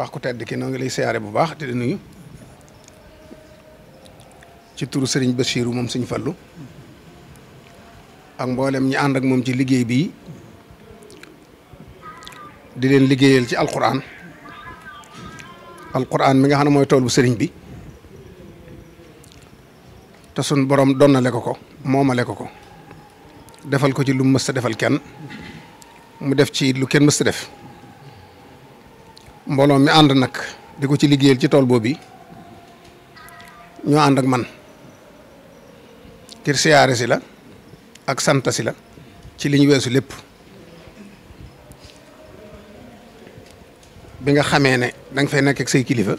wax ku tedd ki noo ngi lay siyaare bu baax te di nuyu ci turu sëriñ Bachirou moom sëñ Fallu ak mboolem ñi ànd ak moom ci liggéey bi di leen liggéeyal ci alquran alquran mi nga xam ne mooy tool bu sëriñ bi te sun borom donnale ko ko moomale ko ko defal ko ci lu mu mës a defal kenn mu def ci lu kenn mës def. mbooloo mi ànd nag di ko ci liggéeyal ci tool boobu ñoo ànd ak man ngir siyaare si la ak sant si la ci li ñu weesu lépp bi nga xamee ne da nga fay nekk ak say kilifa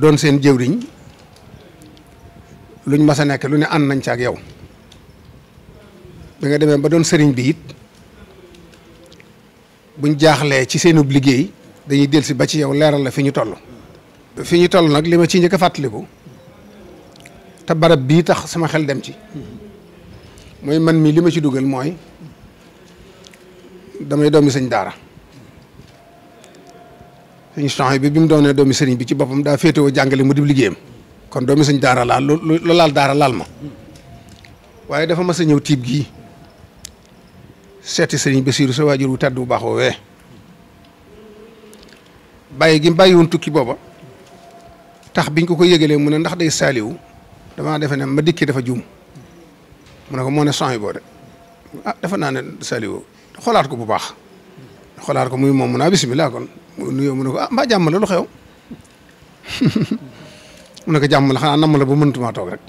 doon seen jëwriñ luñ mas a nekk lu ne ànd nañ ci ak yow bi nga demee ba doon sëriñ bi it buñ jaaxlee ci seenub liggéey dañuy del si ba ci yow leeral la fi ñu toll fi ñu toll nag li ma ci njëkk a fàttaliku te barab bii tax sama xel dem ci mooy man mii li ma ci dugal mooy damay doomi sëñ daara suñu change bi bi mu doonee doomi sëriñ bi ci boppam daa féetewoo jàngale mu di liggéeyam kon doomi sëñ daara laal lu laal daara laal ma waaye dafa mas a ñëw tiib gii seeti sëriñ Basiiru sa waajur wu tedd bu baax woowee bàyyi gi mu bàyyi woon tukki booba tax biñ ko ko yëgalee mu ne ndax day saaliwu damaa defe ne ma dikki dafa juum mu ne ko moo ne sang yi boo de ah defe naa ne saaliwu xolaat ko bu baax xolaat ko muy moom mu naa ah, bisimilah kon mu nuyoo mu ne ko ah mbaa jàmm la lu xew mu ne ko jàmm la xanaa namm la ba mëntumaa toog rek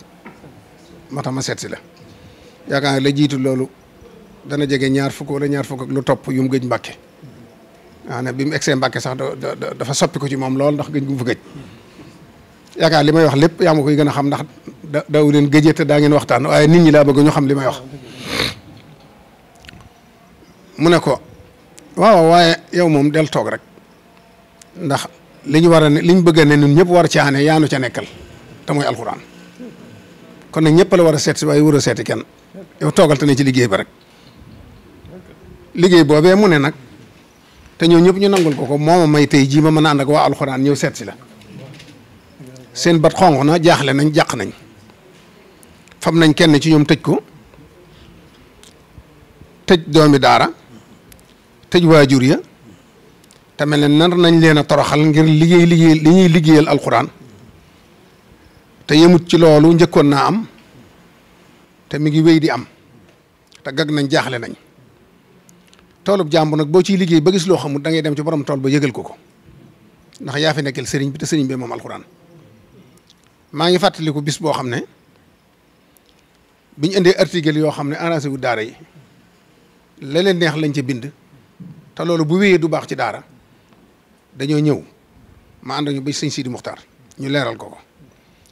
moo ma seet si la yaakaar la jiitu loolu dana jege ñaar fukk la ñaar fukk ak lu topp yu mu gëj mbàkke bi mu egsee mbakke sax dafa soppi ko ci moom lool ndax gëj gu mu fa gëj yaakaar li may wax lépp yaa ma koy gën a xam ndax da leen gëjee te daa ngeen waxtaan waaye nit ñi laa bëgg ñu xam li may wax mu ne ko waaw waaye yow moom del toog rek ndax li ñu war a ne li ñu bëgg ne ñun ñëpp war ci aane yaanu ca nekkal te mooy alxuraan kon nag ñëpp la war a seet si waaye war seeti kenn yow toogal ci liggéey ba rek liggéey boobee mu ne nag te ñoo ñëpp ñu nangul ko ko mooma may tey jii ma mën a ànd ak waa alxuraan ñëw seet si la seen bat xonq na jaaxle nañ jàq nañ fam nañ kenn ci ñoom tëj ko tëj doomi daara tëj waajur ya te mel ne nar nañ leen a toroxal ngir liggéey liggéey li ñuy liggéeyal alxuraan te yemut ci loolu njëkkoon naa am te mi ngi wéy di am te gag nañ jaaxle nañ toolub jàmbu nak bo ci liggey ba gis lo xamul da ngay dem ci borom tool ba yeggal ko ko ndax ya fi nekkal serigne bi te serigne bi mom alquran ma ngi ko bis bo xamne biñu ëndé article yo xamne arrangé wu daara yi la leen neex lañ ci bind ta lolu bu wéyee du bax ci daara dañu ñew ma and ñu serigne Sidi ñu ko ko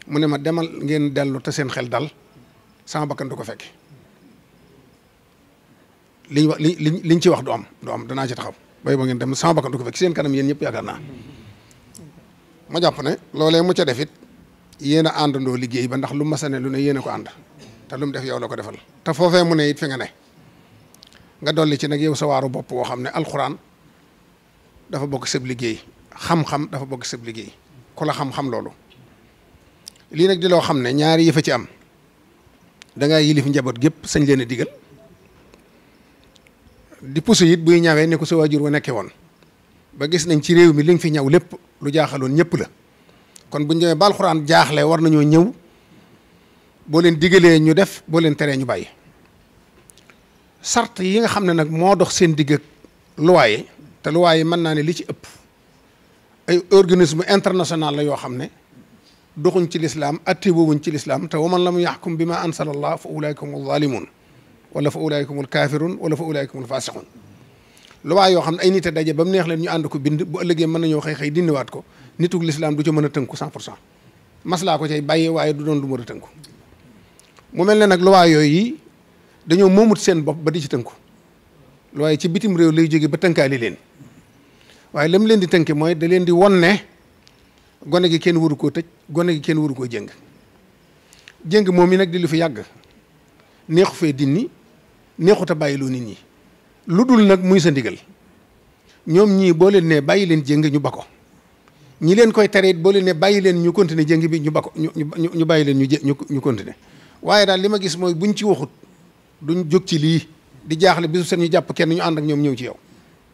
ma demal ngeen delu te seen xel dal sama bakkan du ko fekke liñ wax li liñ liñ ci wax du am du am danaa ci taxaw bay ba ngeen dem sama bakkan du ko fekk seen kanam yéen ñëpp yaakaar naa ma jàpp ne loolee mu ca def it yéen a àndandoo liggéey ba ndax lu ma sa lu ne yéen ko ànd te lu mu def yow la ko defal te foofee mu ne it fi nga ne nga dolli ci nag yow sa waaru bopp boo xam ne alxuraan dafa bokk sëb liggéey xam-xam dafa bokk sëb liggéey ku la loolu lii nag di loo xam ne ñaari yëfa ci am da ngaa yilif njaboot gépp sañ leen a di puso it buy ñawee ni ko sa waajur wa nekkee woon ba gis nañ ci réew mi li nga fi ñaw lépp lu jaaxaloon ñëpp la kon buñ demee ba alxuraan jaaxle war nañoo ñëw boo leen digalee ñu def boo leen teree ñu bàyyi sart yi nga xam ne nag moo dox seen digg ak luwaaye te luwaaye mën naa ne li ci ëpp ay organisme international la yoo xam ne doxuñ ci lislaam atte woowuñ ci lislaam te man la mu yaxkum bi ma ansalallah fa ulaika humu zalimun wala fa ulaayikumul kaafirun wala fa ulaayikumul faasiqun yoo xam ne ay nit a daje ba mu neex leen ñu ànd ko bind bu ëllëgee mën nañoo xëy xëy dindiwaat ko nituk lislaam du ci mën a tënku cent pour cent maslaa ko cay bàyyee waaye du doon du mën a tënku mu mel ne nag luwaa yooyu yi dañoo moomut seen bopp ba di ci tënku luwaa ci bitim réew lay jóge ba tënkaali leen waaye lam leen di tënke mooy da leen di won ne gone gi kenn waru koo tëj gone gi kenn waru koo jëng jëng moom mi nag di lu fi yàgg neexu fee dinni neexut a bàyyiloo nit ñi lu dul nag muy sa ndigal ñoom ñii boo leen ne bàyyi leen jéng ñu bakko ñi leen koy tere it boo leen ne bàyyi leen ñu continuer jéng bi ñu ba ko ñu ñu bàyyi leen ñu jé ñu ñu continuer waaye daal li ma gis mooy buñ ci waxut duñ jóg ci lii di jaaxle bisu seen ñu jàpp kenn ñu ànd ak ñoom ñëw ci yow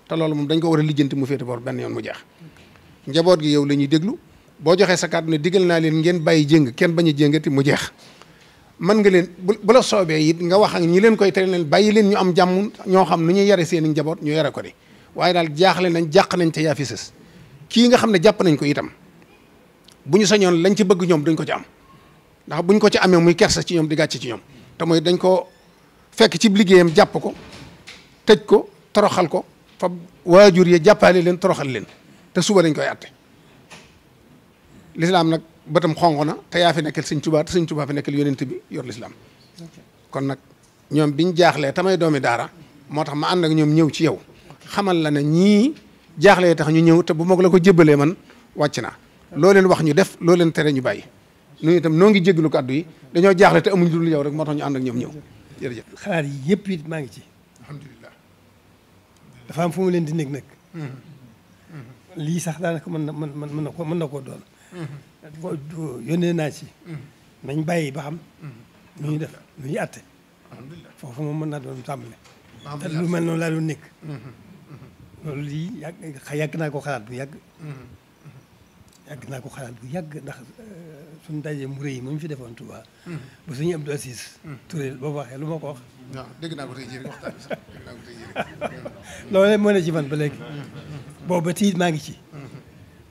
te loolu moom dañ ko war a lijjanti mu féete boor benn yoon mu jeex njaboot gi yow la ñuy déglu boo joxee sa kàddu ne digal naa leen ngeen bàyyi jéng kenn bañ a jéngati mu jeex mën nga leen bu la soobee it nga wax ak ñi leen koy tere leen bàyyi leen ñu am jàmm ñoo xam nu ñuy yare seen njaboot ñu yare ko de waaye daal jaaxle nañ jàq nañ te yaa fi sës kii nga xam ne jàpp nañ ko itam bu ñu sañoon lañ ci bëgg ñoom dañ ko ci am ndax buñ ko ci amee muy kersa ci ñoom di gàcce ci ñoom te mooy dañ ko fekk ci liggéeyam jàpp ko tëj ko toroxal ko fa waajur ya jàppale leen toroxal leen te suba lañ koy atte lislaam nag bëtam xonq na te yaa fi nekkal sëñ Tuubaa te sëñ Tuubaa fi nekkal yonent bi yor lislaam kon nag ñoom biñ jaaxlee tamay doomi daara moo tax ma ànd ak ñoom ñëw ci yow xamal la ne ñii jaaxlee tax ñu ñëw te bu mag la ko jébbalee man wàcc na loo leen wax ñu def loo leen tere ñu bàyyi ñun itam noo ngi jégalu kàddu yi dañoo jaaxle te amuñ dul yow rek moo tax ñu ànd ak ñoom ñëw jërëjëf. xalaat yi yëpp it maa ngi ci. alhamdulilah. dafa am fu leen di nekk nag. Mm-hmm. Mm-hmm. lii sax daanaka mën na mën na mën na koo mën na koo doon. Mm-hmm. yónnee naa ci. Hmm. nañ bàyyi ba xam. nu hmm. ñuy def nu ñuy atte. foofu moom mën naa doon tàmbale. te lu mel noonu laa nekk. Hmm, loolu lii yàgg yàgg naa ko xalaat bu yàgg. yàgg naa ko xalaat bu yàgg ndax euh, suñu dajee mu rëy mu ñu fi defoon Touba. ba suñu Abdou Assis. Touré lu ko wax. waaw dégg naa loolu moo ci man ba léegi. boobu ba tiit maa ngi ci.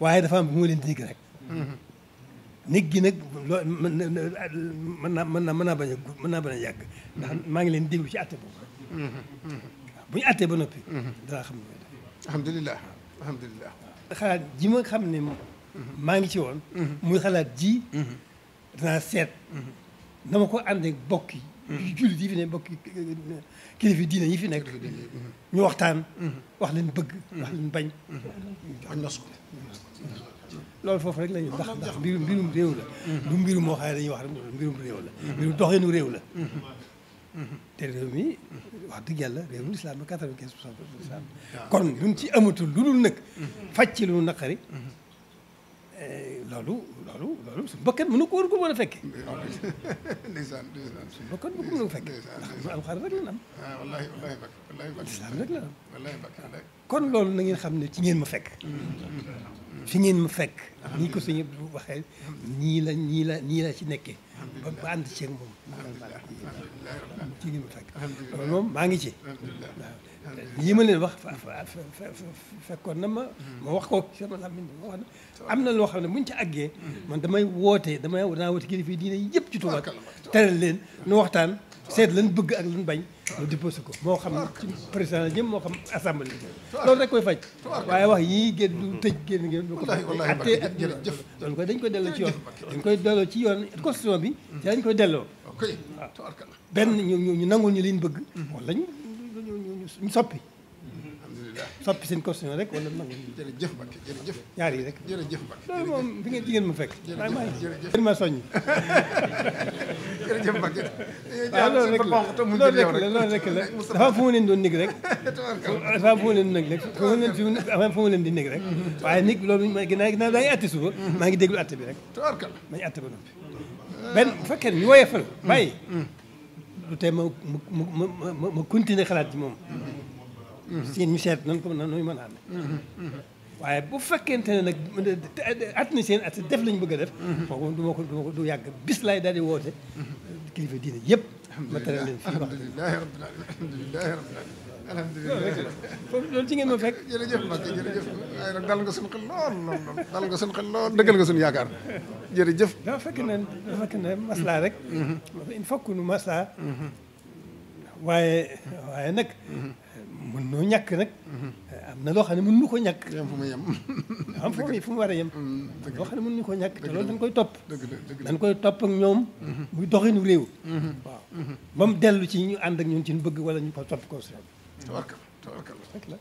waaye dafa am bu ma leen dégg rek. néeg gi nag loo mën naa mën naa mën naa bañ mën naa bañ a yàgg maa ngi leen déglu ci àtte boobu bu ñu àttee ba noppi danaa xam ne alhamdulilah ji ma xam ne maa ngi ci woon muy xalaat ji danaa seet na ma ko ànd ak bokk yi jullit yi fi ne bokk yi fi nekk mhm. ñu waxtaan wax leen bëgg wax leen bañ loolu foofu rek la ñu ndax ndax mbirum mbirum réew la du mbirum moo xam ne dañuy wax rek mbirum réew la mbirum doxinu réew la te réew mi wax dëgg yàlla réewum lislaam ba quatre-vingt-quinze pour cent lislaam kon luñ ci amatul lu dul nag faj ci lu naqari loolu loolu loolu suñu bakkan mënu ko war ko mën a fekkee. ndeysaan ndeysaan suñu bakkan mënu ko mën a fekkee. ndax alxuraan rek la am. ah wallaahi wallaahi bakk wallaahi bakk. islam rek la am. wallaahi bakk kon loolu na ngeen xam ne ci ngeen ma fekk. fi ngeen ma fekk. ni ko suñu waxee nii la nii la nii la ci nekkee. ba ba ànd ceeg moom. alhamdulilah alhamdulilah ci ngeen ma fekk. loolu moom maa ngi ci. waaw. lii ma leen wax fekkoon na ma ma wax ko sama làmmiñ ma wax na am na loo xam ne buñ ci àggee man damay woote damay danaa woote kilifa yi diine yëpp ci Tuuba teral leen nu waxtaan seet lan bëgg ak lan bañ mu déposé ko moo xam ci président la jëm moo xam assemblée la loolu rek koy faj waaye wax yii génn du tëj génn génn du ko attee ak jëf loolu koy dañ koy delloo ci yoon dañ koy delloo ci yoon constitution bi te dañ koy delloo waaw benn ñu ñu nangul ñu liñ bëgg wala ñu ñu soppi. alhamdulilah soppi seen constitution rek wala nangu. jërëjëf Mbacke jërëjëf. ñaar yi rek jërëjëf Mbacke. loolu moom fi ngeen jigéen ma fekk. jërëjëf ma soññ. jërëjëf Mbacke. waaw loolu rek la loolu rek la dafa am fu mu leen doon nekk rek. dafa am fu mu leen doon nekk rek fu mu leen fi fu mu leen di nekk rek. waaye nit loolu ginnaaw ginnaaw daa ngi àtte suba. maa ngi déglu àtte bi rek. tubaarkal ma ñu àtte ba noppi. benn bu fekkee ñu woyefal bàyyi mm, mm. du tey ma ma ma ma ma continuer xalaat ci moom. seen ñu seet nan ko nan la ñu mën a amee. waaye bu fekkente ne nag at na seen at def lañ bëgg a def. foofu du ma ko du ma ko du yàgg bis laay daal di woote. kilifa diine yëpp. ma tere leen fii wax alhamdulilah alhamdulilah alhamdulilah. alhamdulilah loolu ci ngeen ma fekk. jërëjëf Mbacke jërëjëf waaye nag dal nga suñu xel lool lool lool dal nga suñu xel lool dëggal nga suñu yaakaar jërëjëf. dafa fekk ne dafa fekk ne maslaa rek. Mhm. il faut que nu maslaa. Mhm. waaye waaye nag. Mhm. mën noo ñàkk nag. am na loo xam ne mën nu ko ñàkk. am fu mu yem. am fu mu fu mu war a yem. Mm, loo xam ne mën nu ko ñàkk te loolu dañ koy topp. dañ koy topp ak ñoom. muy doxinu réew. waaw ba mu dellu ci ñu ànd ak ñun ci ñu bëgg wala ñu ko topp ko si. tawarkal tawarkal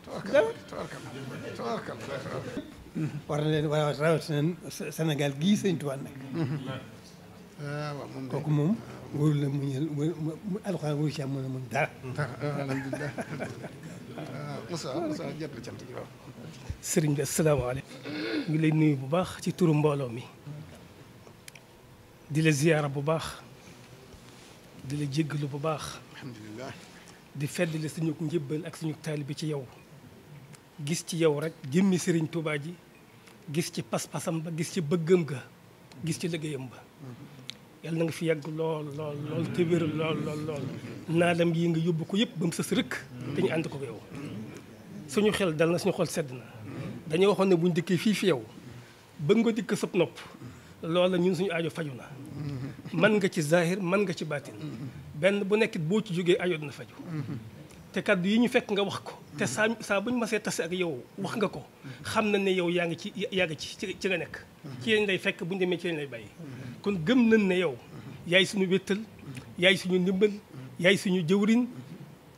tawarkal tawarkal war na leen waaw rawatina Sénégal gii sëñ Tuubaa nag ah, waaw moom kooku moom wóorul la mu ñëw alxuraan wóorul ci am mën a muñ dara ah, alhamdulilah ah, Moussa Moussa jàppale cant gi waaw sëriñ bi asalaamaaleykum ñu ngi lay nuyu bu baax ci turu mbooloo mi di la ziyaara bu baax di la jéggalu bu baax alhamdulilah di feddali suñu njëbbal ak suñu taalibe ci yow gis ci yow rek jëmmi sëriñ Tuubaa ji gis ci pas-pasam ba gis ci bëggam ga gis ci liggéeyam ba yàlla na nga fi yàgg lool lool lool te lool lool naa dem yi nga yóbbu ko yëpp ba mu sës rëkk te ñu ànd ko yow suñu xel dal na suñu xool sedd na dañoo waxoon ne buñ dikkee fii fi yow bëgg nga dikk sab nopp loola ñun suñu aajo faju na mm-hmm. man nga ci zahir man nga ci baatin benn bu nekk boo ci jógee ayoon na faju te kaddu yi ñu fekk nga wax ko te saa saa bu ñu masee tase ak yow wax nga ko xam na ne yow yaa ngi ci yaa ngi ci ci nga nekk ci lañ lay fekk bu ñu demee ci kon gëm nañ ne yow yaay suñu wéttal yaay suñu ndimbal yaay suñu jëwriñ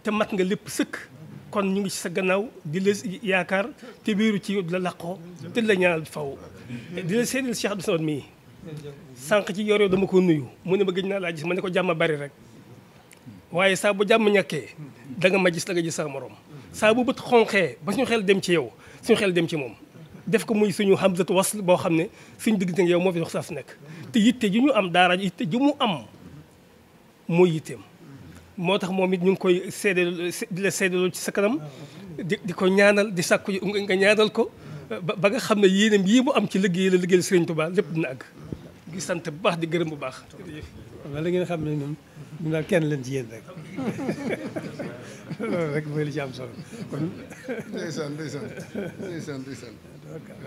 te mat nga lépp sëkk kon ñu ngi ci sa gannaaw di la yaakaar te wéeru ci yow la làqoo te di la ñaanal faw di la seedal Cheikh Abdou Samad mii sànq ci yoroo dama koo nuyu mu ne ma gëj naa laa gis ma ne ko jàmm bari rek waaye saa bu jàmm ñàkkee danga nga ma gis da nga gis sa morom saa bu bët xonqee ba suñu xel dem ci yow suñu xel dem ci moom def ko muy suñu hamzatu wasl boo xam ne suñu diggante yow moo fi dox saa su nekk te yitte ji am daara yitte ji mu am mooy yitteem moo tax moom it ñu ngi koy seedeel di la seedeeloo ci sa kanam di di ko ñaanal di sàkku nga ñaanal ko ba nga xam ne yéenam yii bu am ci liggéey la liggéeyal Sëriñ Tuubaa lépp dina àgg di sant bu baax di gërëm bu baax. wala ngeen xam ne ñu daal kenn leen ci yéen rek loolu rek mooy li ci am solo kon ndeysaan ndeysaan ndeysaan ndeysaan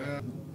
euh,